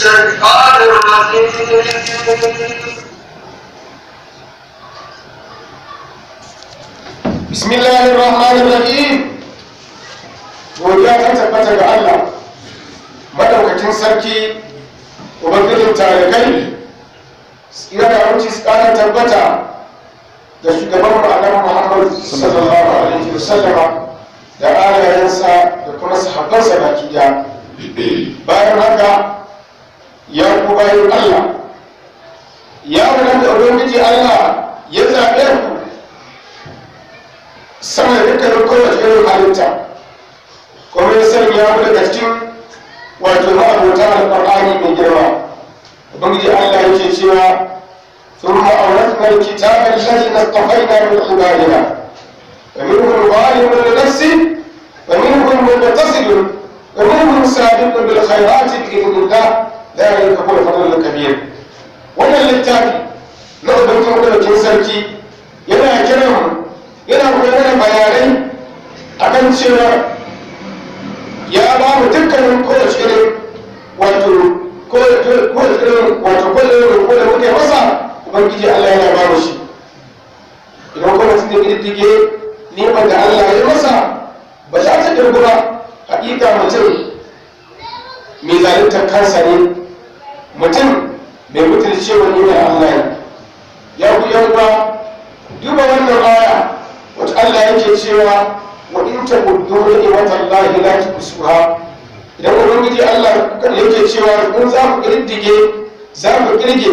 الشيطان الرجيم بسم الله الرحمن الرحيم godiya ta ga Allah madaukakin sarki ubangijin tarikai tsira da wuce tsara tabbata da shugaban mu annabi Muhammad sallallahu alaihi wasallam da alayansa da kuma sahabbansa baki daya ku bayan Allah ya wadanda ubangiji Allah ya zaɓe ku sama da dukkanin kowace irin halitta kuma ya sanya ya ku daga cikin wato ma'abota alƙur'ani mai girma ubangiji Allah yake cewa ثم أورثنا الكتاب الذين اصطفينا من عبادنا فمنهم ظالم لنفسه ومنهم مقتصد ومنهم سابق بالخيرات بإذن الله la yarinka ko da fadlan wannan littafi na da madaukakin sarki yana kiran yana gudanar mana bayanai kan cewa ya ba mu dukkanin kowace irin wato kowace irin wato kowace irin ko da muke masa ubangiji Allah ya ba mu shi idan kuma sun yi ne neman da Allah ya masa ba za ta dirgu ba hakika mutum mai zaluntar kansa ne mutum mai mutuncewa ne da Allah ya ku yan ba duba wannan aya wata Allah yake cewa wa in tabuddu lahi la tuhsuha idan ubangiji Allah yake cewa kun za ku kirdige za ku kirge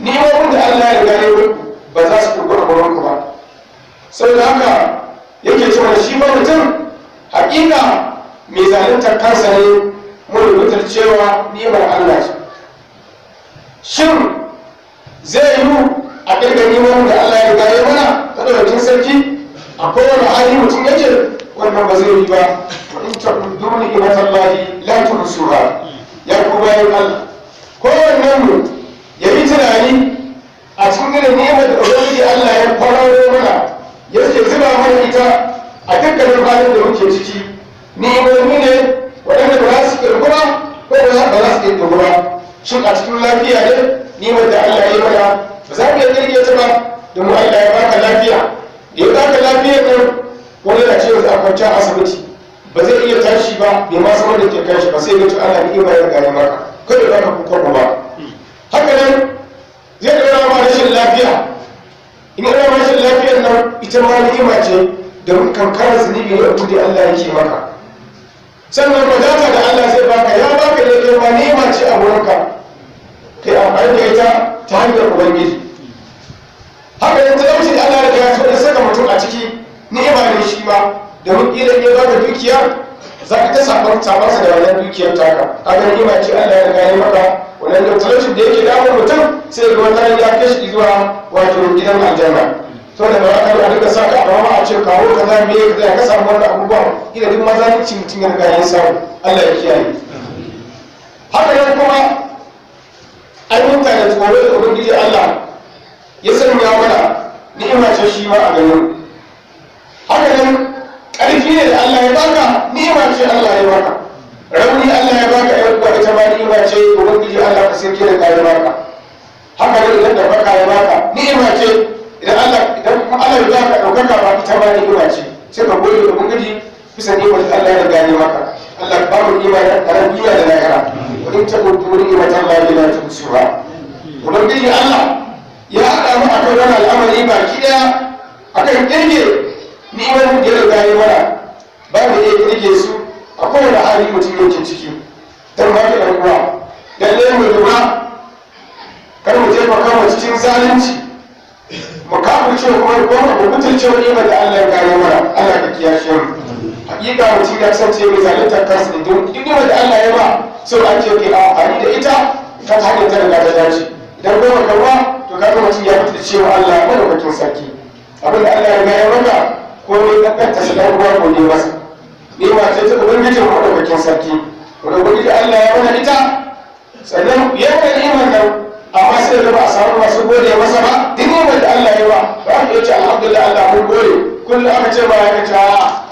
ni'momin wanda Allah ya gane ku ba za su kurkura gurin ba da haka yake cewa shi ba mutum haƙiƙa mai zalunta kansa ne mun rubutar cewa ni'mar Allah ce shin zai yi a ƙirƙiri wani da Allah ya gaya mana ta cin sarki a kowane hali mutum yake wannan ba zai yi ba in ta duni imatan lahi la tunsuha ya ku bayan Allah kowannen mu ya yi tunani a cikin gina nema da ubangiji Allah ya kwararo mana yake zuba mana ita a dukkanin halin da muke ciki ni'imomi ne waɗanda ba za su ƙirƙura ko ba za su ƙirƙura shin a cikin lafiya ne nimar da Allah ya yi mana ba za mu iya kirge ta ba da mu Allah ya baka lafiya da ya baka lafiyar nan wani na ce za a kwanta a asibiti ba zai iya tashi ba bai ma san da ke tashi ba sai ga cewa Allah ya yi riga ya maka kada ba ka kuka ba haka nan zai ɗora ma rashin lafiya in ɗora ma rashin lafiyar nan ita ma ni'ima ce da kankara zunubi ne da Allah yake maka sannan wadata da Allah zai baka ya baka ne ma ni'ima ce a wurinka yi amfani da ita ta hanyar ubangiji haka yanzu talauci da allah da ya so da saka mutum a ciki ni'ima ne shi ma wuƙi da ya ba da dukiyar za ka ta samar da wannan dukiyar taka haka ni'ima ce allah ya gane maka wannan da talauci da yake damun mutum sai ga wata ya kai zuwa wato gidan aljanna to da ba ka a duka saka ba ma a ce kawo ka za me ka ka samu wannan abubuwan ina duk maza ne cin cin ya riga sa allah ya kiyaye haka nan kuma ayyuka da tsoro da ubangiji Allah ya sanya mana ni'ima ce shi ma a gare haka nan ƙarfi ne da Allah ya baka ni'ima ce Allah ya baka rauni Allah ya baka ya kuwa ita ma ni'ima ce ubangiji Allah ka sai kira ya baka haka nan idan da baka ya baka ni'ima ce idan Allah idan Allah ya baka ɗaukaka ba ita ma ni'ima ce sai ka gode ubangiji bisa ni'imar da Allah ya gane maka Allah ba mu imani da rabiya da lahira wa in tabu turi ma ta la ila tusuha ubangiji Allah ya haɗa mu akan wannan al'amari baki daya akan kirge ni'imomin da ya riga ya mana ba mu iya kirge su akwai wani hali mutum yake ciki dan ba ki da ruwa lalle mu duma kar mu je mu cikin zalunci mu kafirce kuma ko mu mutunce wani da Allah ya kare mana Allah ka kiyashe mu hakika mutum ya kasance mai zaluntar kansa da don ni'imar da Allah ya ba sau ake ke amfani da ita ta hanyar ta daga ta dace idan goma da ba to kaga mutum ya fita cewa Allah ya mana mutum sarki abin da Allah ya ga ya maka ko ne kanta shi dan ruwa ko ne masa ne ma ce ta ubangiji mu da mutum sarki wanda ubangiji Allah ya mana ita sannan ya kan iman nan amma sai da ba a samu masu gode masa ba duk ni'imar Allah ya ba ba a iya ce alhamdulillah Allah mun gode kullum aka ce ba ya ka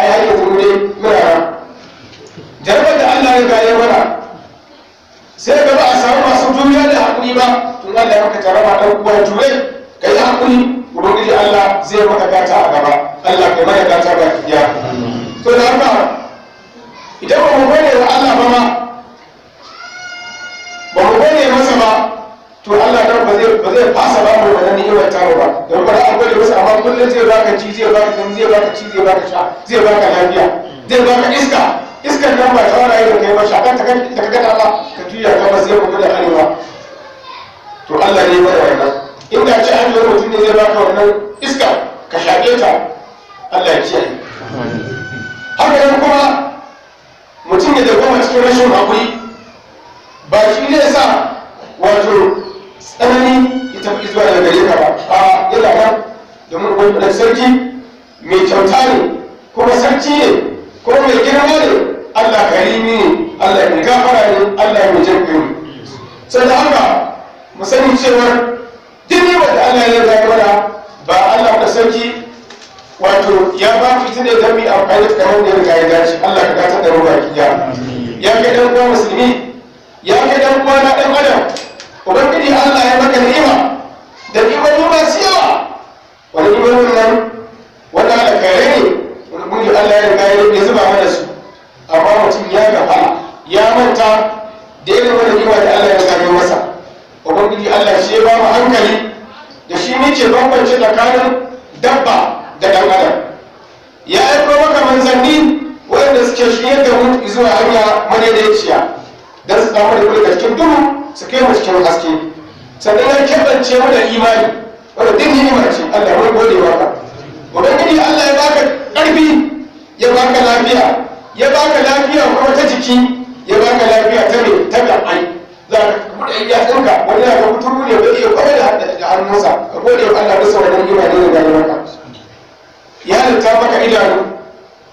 a yayin da gobe murara jarabar da Allah ya gaya mana sai ga ba a samu masu juriya da hakuri ba tun Allah ya maka jaraba dan uwa jure yi hakuri ubangiji Allah zai maka gata a gaba Allah kai maka gata ga ya to da haka idan ba mu gode wa Allah ba ma ba mu gode masa ba to Allah dan ba zai ba zai fasa ba mu ni. kullum zai baka ci zai baka kan zai baka ci zai baka sha zai baka lafiya zai baka iska iskar nan ba tsawon rayuwar kai ba shakan ta kan ta kaga Allah ka tuya ka sai ku da arewa to Allah ne ba wannan ka ci an yi mutum ne zai baka wannan iska ka shaƙe ta Allah ya ci kiyaye haka nan kuma mutum ya dawo cikin rashin hakuri ba shi ne sa wato tsanani bambance tsakanin dabba da dan adam ya aiko maka manzanni wanda suke shirye da mu zuwa hanya madaidaiciya don su samu da kulle cikin duhu su kai mu cikin haske sannan ya kebance mu da imani wanda duk ni'ima ce Allah mun gode maka ubangiji Allah ya baka ƙarfi ya baka lafiya ya baka lafiya kuma ta jiki ya baka lafiya ta mai ta gaɓai za ka da in ya turka wani ya ga turu ne bai iya kwarai da hannunsa ka gode wa Allah bisa wannan gima ne da ya rayuwarka ya halitta maka idanu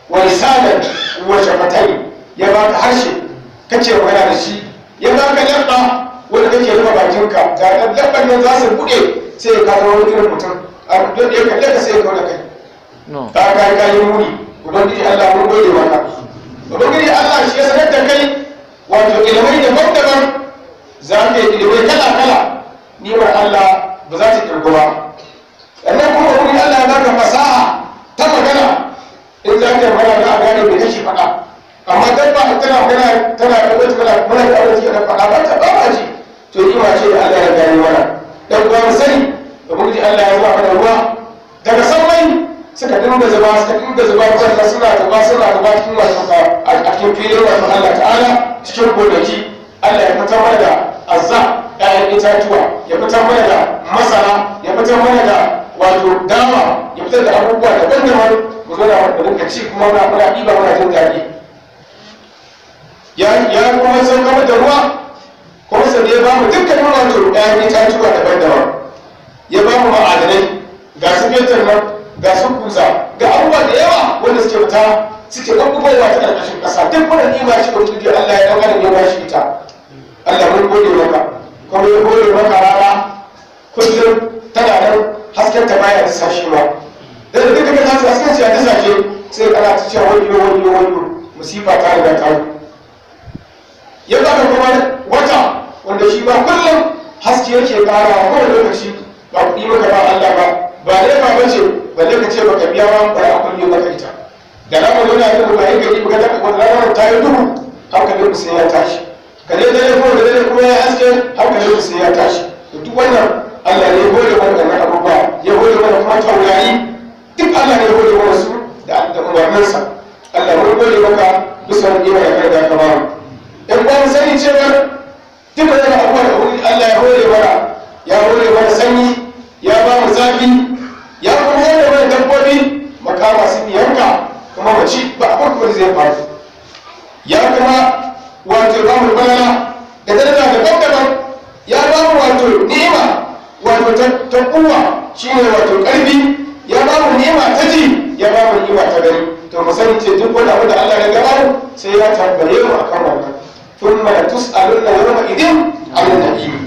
wa lisanan wace matai ya baka harshe kace magana da shi ya baka labba wanda kake rufe bakinka ga labban nan za su bude sai ka zama wani irin mutum a don ya kalle ka sai ka wani kai ka kai kayan wuri ubangiji Allah mun gode maka ubangiji Allah shi ya sanar da kai wato ilimai daban-daban zane ilimai kala kala ni ni'imar Allah ba za ta kirgu ba sannan kuma wani Allah ya baka fasaha ta magana in za ta yi magana za a gane mai kashi faɗa amma dan ba tana magana tana wata kala mana da wata da faɗa ba ta ba ce to ma ce Allah ya gane mana dan kuma sani da kuma ji Allah ya zuwa kan ruwa daga sammai suka dinga zuba suka dinga zuba ruwan suna zuba suna zuba cikin wasu a cikin filin wasu Allah ta'ala cikin gonaki Allah ya fitar mana da azza ƴaƴan itatuwa ya fitar mana da masara ya fitar mana da wato dama ya fitar da abubuwa daban-daban mu zo da rinka ci kuma muna muna ɗiba muna jin daɗi ya ya kuma san kama da ruwa kuma sai ya ba mu dukkan wato ƴaƴan itatuwa daban-daban ya ba mu ma'adanai ga su fetur nan ga su kusa ga abubuwa da yawa wanda suke fita suke ɗan gubarwa ta ƙarƙashin ƙasa duk wani nima shi ko tudu Allah ya ɗan adam ya shi ita Allah mun gode maka kuma mun gode maka rana kullum tana nan hasken ta baya da sashi ba da duka da nasu hasken shi ta sashi sai kana ta cewa wani yo wani yo wani musifa ta riga ta yi ya zaka kuma wata wanda shi ba kullum haske yake kara a kowane lokaci ba kuɗi maka ba Allah ba ba dai ba bace balle ka ce baka biya ba ba a kulle maka ita da ranar yana yin yi gari ba ka daga kwanar ta yi duhu hankalin sai ya tashi kare da ya ko da ya kuma ya haka hankalin sai ya tashi to duk wannan Allah ne ya hore wannan abubuwa ya gode wannan kuma taurari duk Allah ne ya hore wannan su da da sa Allah ya gode maka bisa wannan ya kai da kama in ban mu sani cewa duk wannan abubuwa da Allah ya gode mana ya gode mana sanyi ya ba mu zafi ya kuma gode mana dabbobi makama su yanka kuma mace ba abin da zai faru ya kuma wato ba baya da daraja daban-daban ya ba mu wato nema wato ta kuwa shine wato ƙarfi ya ba mu ni'ima ta ji ya ba mu ni'ima ta gari to mu sani ce duk wani abu da Allah ya gabar sai ya tambaye mu akan wannan thumma tus'aluna ma idin an na'imi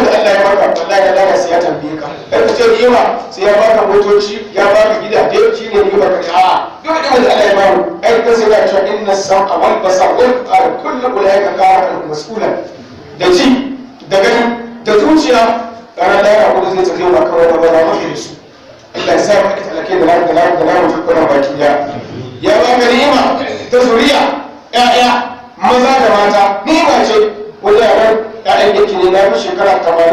abin da Allah ya baka wallahi Allah sai siya tambaye ka kai ku ce ni'ima sai ya baka motoci ya baka gidaje shi ne ni baka ta duk da Allah ya baka ai ka sai ya ce inna sam'a wal basar wal qara kullu ulaiha kana mas'ula da ji da gani da zuciya kana da ya kudu zai tafi ba kawai ba za mu yi su Allah ya sa mu ka talake da lafiya da lafiya da lafiya tukuna baki ya ya ka ni'ima ta zuriya ya'ya maza da mata ba ce wajen yaran ya'yan yake ne na shekara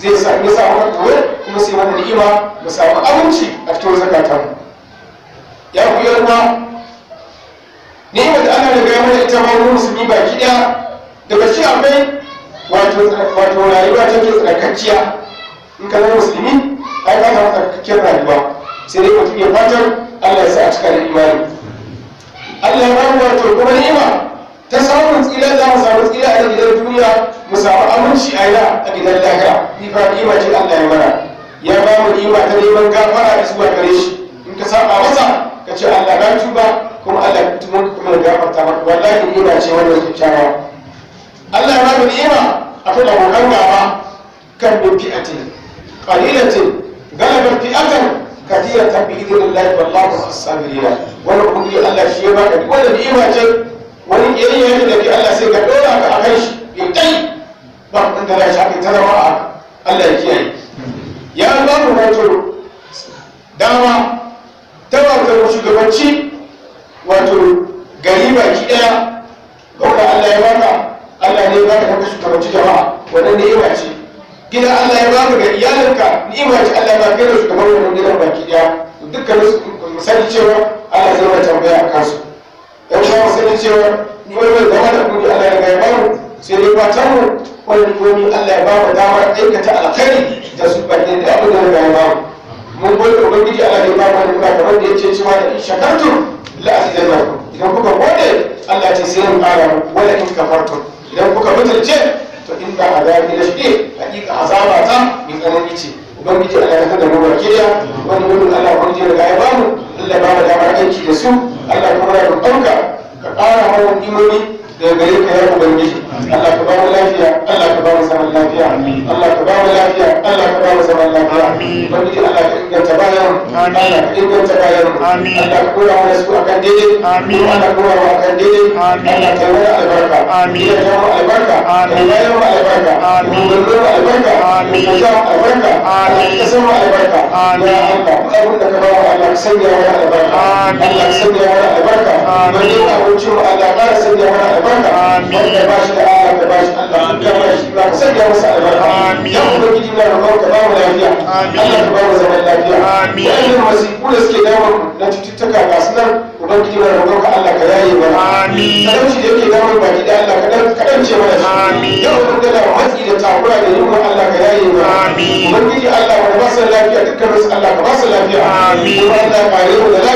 zai sa ya sa kuma sai mana ni'ima mu samu abinci a cikin zakatan ya ku ruwa ni'ima da ana da gaya mana ita ma mu musulmi baki daya da shi akwai wato wato rayuwa ke tsarkakciya in ka zama musulmi ai ka samu tsarkakkiyar rayuwa sai dai mutum ya fatar Allah ya sa a cika da imani Allah ya ba mu wato kuma ni'ima ta samun tsira za mu samu tsira a gidan duniya mu samu aminci a yana a gidan lahira ifa ni'ima ce Allah ya mana ya ba mu ni'ima ta neman gafara zuwa gare shi in ka saba masa ka ce Allah na ba kuma Allah ya tuba kuma ya gafarta maka wallahi ni'ima ce wannan kyakkyawa Allah ya ba mu a akan abokan gaba kan min fi'atin qalilatin galabat fi'atan kathira ta bi ya wallahu as-sabirina wani kudi Allah shi ya ba baka wani ni'ima ce wani yayin da ke Allah sai ka ɗora ka a akan shi ya dai ba mu da rashi aka ta zama a Allah ya kiyaye ya ba mu wato dama ta wato shugabanci wato gari baki daya ɗaukar Allah ya baka Allah ne ya baka kuma shugabanci jama'a wannan ne ya ce gidan Allah ya baka ga iyalinka ni'ima ce Allah ya baka da shugaban wannan gidan baki daya dukkan su sani cewa Allah zai wata tambaya a kansu yan uwa sani cewa ni wani bai zama da kudi Allah ya ga ya bamu sai dai fatan mu wannan komi Allah ya bama damar aikata alkhairi da su banne da abin da ya bamu mun gode ubangiji Allah ya bamu wani bukata wanda ya ce cewa da shakartum la azidannakum idan kuka gode Allah ya ce sai mu ƙara wala in kafartum idan kuka mutunce to in azabi da shi hakika azaba ta min tsanani ce ubangiji Allah ya kada mu barkiya wani gudun Allah ya ya bamu Allah ya bamu damar aiki da su Allah kuma ya roƙonka ka kara mana imani da gare ka ya ubangiji Allah ka lafiya mu zaman lafiya Allah ka ba mu lafiya Allah ka ba zaman lafiya wani Allah ka inganta bayan Allah ka inganta bayan Allah ka kula su akan Allah ka kula mu akan daidai Allah ka yi albarka ya ja albarka ya bayar albarka ya ta mu albarka ya ja albarka ya albarka ya Allah abin da ka ba mu Allah ka sanya albarka Allah ka sanya mu albarka wani abinci mu Allah ka sanya mu albarka shi Allah ka kama shi ba ka amin ka ba lafiya amin Allah ka ba mu lafiya amin wannan masifu da suke damu na cututtuka ga su nan ubangiji na roƙon ka Allah ka amin da yake ba Allah ka Allah ka yaye amin Allah ka ba su lafiya dukkan su Allah ka ba su lafiya amin Allah ka yaye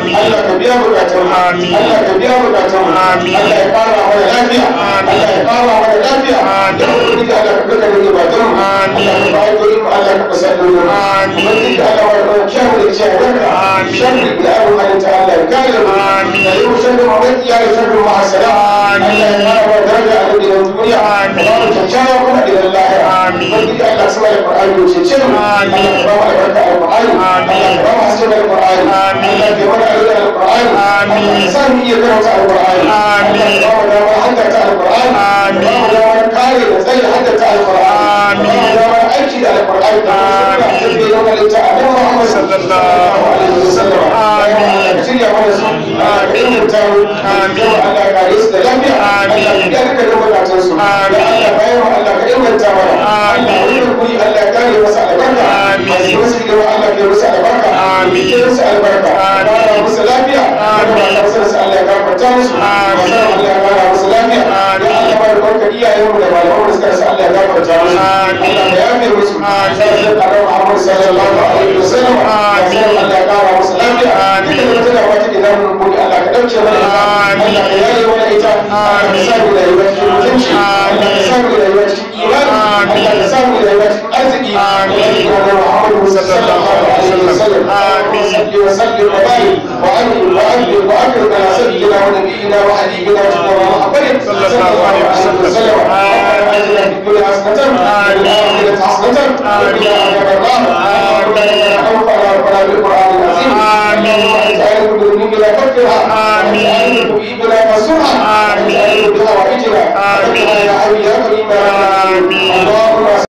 amin Allah ka biya bukatun amin Allah ka biya bukatun amin Allah ya fara mana lafiya amin Allah ya fara mana lafiya amin duka da kuka da kuka ba don amin Allah ka bayi gurin Allah ka kusa da mu amin duka Allah wa ta kiyar da kiyar da amin sharri da abu Allah ta Allah ya kare mu amin ya yi sharri ma mai kiyar sharri ma asala amin Allah ya fara mana daraja a duniya duniya amin Allah ta kiyar kuma da Allah amin duka Allah subhanahu wa ta'ala ya ce amin Allah ya Amin. da yawa Allah ya musu albarka amin ya musu albarka amin ya lafiya amin ya Allah ya musu amin Allah ya kara musu lafiya amin Allah barka mu da malaman mu suka sa Allah ya musu amin Allah ya musu amin Muhammad sallallahu alaihi wasallam amin Allah ya kara musu lafiya amin da wata Allah ka dauke mana amin ya yi ita amin da mutunci amin da amin da arziki وسلم وبارك وعلم وأجل وأكرم على سيدنا ونبينا وحبيبنا وجدنا ومحبنا صلى الله عليه وسلم ربنا آتنا في الدنيا حسنة وفي الآخرة حسنة وقنا عذاب النار ربنا لا خوف على ربنا بالقرآن العظيم اللهم أنت أعلم بذنوبنا فكرها آمين أعلم بذنوبنا فسرها آمين أعلم بحوائجنا فكرها يا حي يا كريم يا رحيم اللهم